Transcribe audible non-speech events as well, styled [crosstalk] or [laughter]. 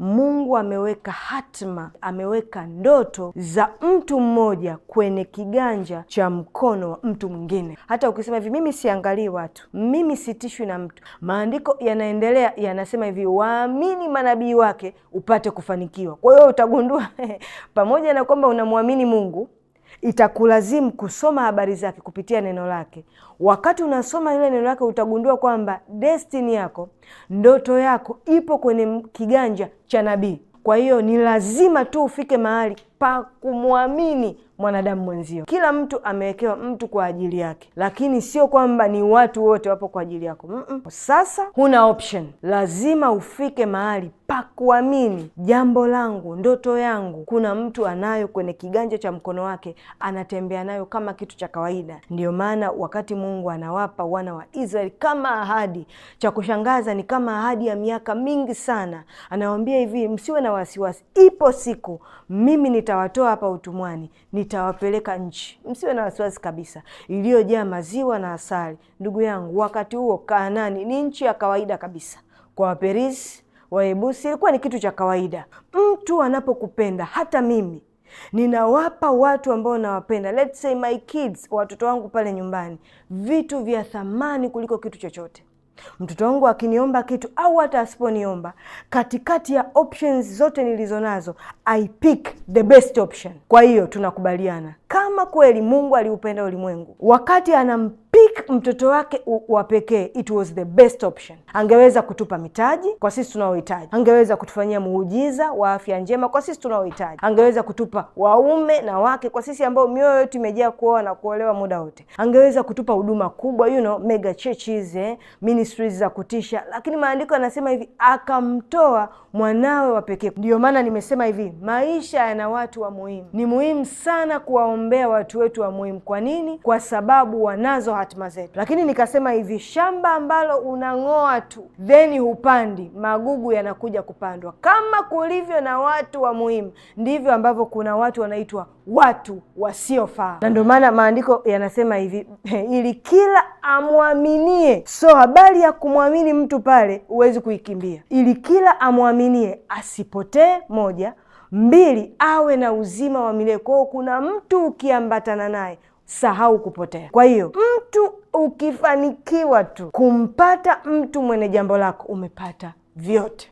Mungu ameweka hatima, ameweka ndoto za mtu mmoja kwenye kiganja cha mkono wa mtu mwingine. Hata ukisema hivi, mimi siangalii watu, mimi sitishwi na mtu, maandiko yanaendelea yanasema hivi, waamini manabii wake upate kufanikiwa. Kwa hiyo utagundua [laughs] pamoja na kwamba unamwamini Mungu itakulazimu kusoma habari zake kupitia neno lake. Wakati unasoma ile neno lake, utagundua kwamba destini yako, ndoto yako ipo kwenye kiganja cha nabii. Kwa hiyo ni lazima tu ufike mahali pa kumwamini mwanadamu mwenzio. Kila mtu amewekewa mtu kwa ajili yake, lakini sio kwamba ni watu wote wapo kwa ajili yako. Mm-mm. Sasa huna option, lazima ufike mahali kuamini jambo langu, ndoto yangu, kuna mtu anayo kwenye kiganja cha mkono wake, anatembea nayo kama kitu cha kawaida. ndio maana wakati Mungu anawapa wana wa Israeli kama ahadi, cha kushangaza ni kama ahadi ya miaka mingi sana, anawaambia hivi, msiwe na wasiwasi, ipo siku mimi nitawatoa hapa utumwani, nitawapeleka nchi, msiwe na wasiwasi kabisa, iliyojaa maziwa na asali. Ndugu yangu, wakati huo Kanaani ni nchi ya kawaida kabisa kwa Waperisi waebusi ilikuwa ni kitu cha kawaida. Mtu anapokupenda, hata mimi ninawapa watu ambao nawapenda, let's say my kids, watoto wangu pale nyumbani, vitu vya thamani kuliko kitu chochote. Mtoto wangu akiniomba kitu au hata asiponiomba, katikati ya options zote nilizo nazo, I pick the best option. Kwa hiyo tunakubaliana kama kweli Mungu aliupenda ulimwengu wakati anam pick mtoto wake wa pekee, it was the best option. Angeweza kutupa mitaji kwa sisi tunaohitaji, angeweza kutufanyia muujiza wa afya njema kwa sisi tunaohitaji, angeweza kutupa waume na wake kwa sisi ambao mioyo yetu imejaa kuoa na kuolewa muda wote, angeweza kutupa huduma kubwa, you know, mega churches, eh, ministries za kutisha, lakini maandiko yanasema hivi, akamtoa mwanawe wa pekee. Ndiyo maana nimesema hivi, maisha yana watu wa muhimu. Ni muhimu sana kuwaombea watu wetu wa muhimu. Kwa nini? Kwa sababu wanazo hatima hatma zetu. Lakini nikasema hivi, shamba ambalo unang'oa tu theni hupandi, magugu yanakuja kupandwa. Kama kulivyo na watu wa muhimu, ndivyo ambavyo kuna watu wanaitwa watu wasiofaa, na ndio maana maandiko yanasema hivi [laughs] ili kila amwaminie. So habari ya kumwamini mtu pale huwezi kuikimbia. Ili kila amwaminie asipotee, moja mbili, awe na uzima wa milele. Kwao kuna mtu ukiambatana naye sahau kupotea. Kwa hiyo mtu ukifanikiwa tu kumpata mtu mwenye jambo lako, umepata vyote.